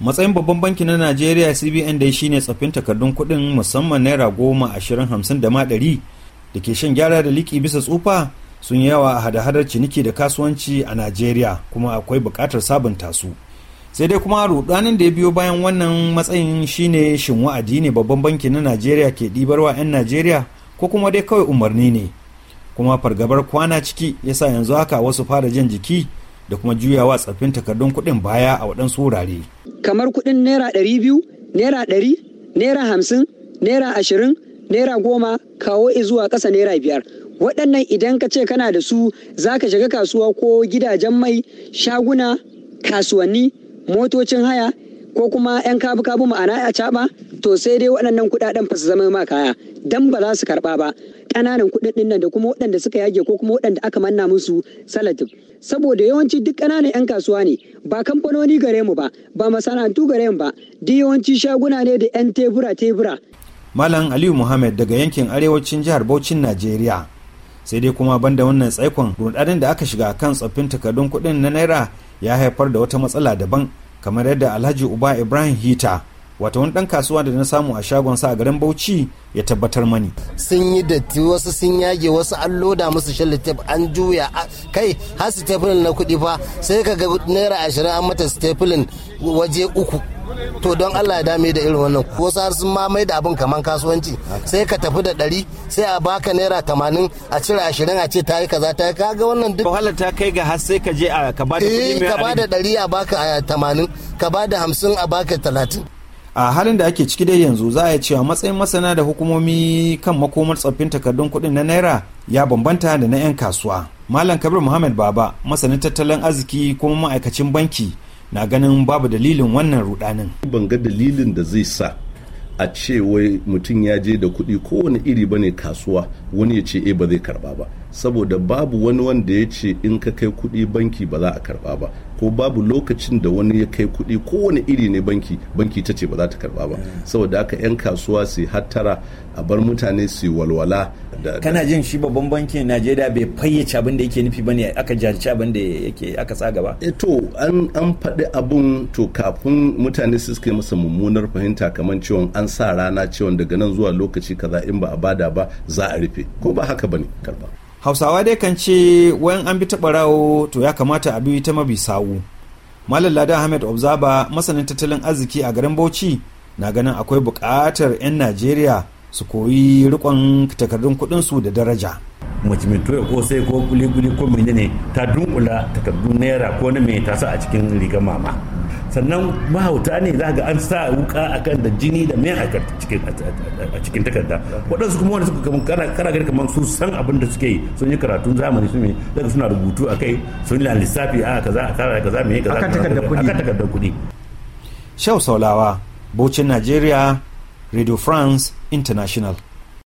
matsayin babban banki na najeriya cbn dai shine tsaffin takardun kuɗin musamman naira goma ashirin hamsin da ma ɗari da ke shan gyara da liki bisa tsufa sun yi yawa a hada-hadar ciniki da kasuwanci a najeriya kuma akwai bukatar sabunta su sai dai kuma rudanin da ya biyo bayan wannan matsayin shine shin wa'adi ne babban banki na najeriya ke ɗibarwa 'yan najeriya ko kuma dai kawai umarni ne kuma fargabar kwana ciki yasa yanzu haka wasu fara jan jiki da kuma juyawa tsaffin takardun kuɗin baya a waɗansu wurare. Kamar kuɗin naira ɗari biyu, naira ɗari, naira hamsin, naira ashirin, naira goma kawo zuwa ƙasa naira biyar. Waɗannan idan ka ce kana da su za ka shiga kasuwa ko gidajen mai, shaguna, kasuwanni, motocin haya, ko kuma 'yan kabu-kabu ma'ana a caɓa to sai dai waɗannan kuɗaɗen fasa zaman zama ma kaya dan ba za su karba ba ƙananan kuɗin nan da kuma waɗanda suka yage ko kuma waɗanda aka manna musu salatin saboda yawanci duk ƙananan 'yan kasuwa ne ba kamfanoni gare mu ba ba masana'antu gare mu ba duk yawanci shaguna ne da 'yan tebura tebura malam aliyu muhammad daga yankin arewacin jihar Bauchin najeriya sai dai kuma banda wannan tsaikon rudanin da aka shiga kan tsoffin takardun kuɗin na naira ya haifar da wata matsala daban kamar yadda alhaji uba ibrahim hita wato wani dan kasuwa da na samu a shagon sa a garin Bauchi ya tabbatar mani sun yi datti wasu sun yage wasu an loda musu shalli an juya kai har stapling na kuɗi fa sai ka ga naira ashirin an mata stapling waje uku to don Allah ya dame da irin wannan wasu har sun mai da abin kaman kasuwanci sai ka tafi da ɗari sai a baka naira tamanin a cire ashirin a ce ta yi kaza ta yi kaga wannan duk wahala ta kai ga har sai ka je a ka ba da eh, ka ba da ɗari a baka tamanin ka ba da hamsin a baka talatin a halin da ake ciki dai yanzu za a yi cewa matsayin masana da hukumomi kan makomar tsoffin takardun kuɗin na naira ya bambanta da na 'yan kasuwa malam kabir muhammad baba masanin tattalin arziki kuma ma'aikacin banki na ganin babu dalilin wannan rudanin ban ga dalilin da zai sa a ce wai mutum ya je da kuɗi kowane iri bane kasuwa wani ya ce e ba zai karba ba saboda babu wani wanda ya ce in ka kai kuɗi banki ba za a karba ba ko babu lokacin da wani ya kai kuɗi kowane iri ne banki banki ta ce ba za ta karba ba saboda haka 'yan kasuwa su hattara a bar mutane su walwala da kana jin shi babban bankin najeriya bai fayyace abin da yake nufi bane aka jarci abin da yake aka tsaga ba e to an an faɗi abun to kafin mutane su suka masa mummunar fahimta kamar cewa an sa rana cewa daga nan zuwa lokaci kaza in ba a bada ba za a rufe ko ba haka bane karba hausawa dai kan ce wayan an bi taɓa rawo to ya kamata a bi ta mabi sawu malam lada ahmed obzaba masanin tattalin arziki a garin bauchi na ganin akwai buƙatar 'yan najeriya su koyi rikon takardun kuɗin su da daraja mace mai tura ko sai ko kuli-kuli ko ne ta dunkula takardun naira ko na mai tasa a cikin rigar mama sannan mahauta ne za ga an sa wuka kan da jini da mai a cikin takarda waɗansu kuma wanda suka kana kana gani kamar su san abin da suke yi sun yi karatun zamani su ne daga suna rubutu a kai sun yi lissafi a kaza a kaza kaza mai kaza kan takardar kuɗi Shau Saulawa bocin Najeriya Radio France International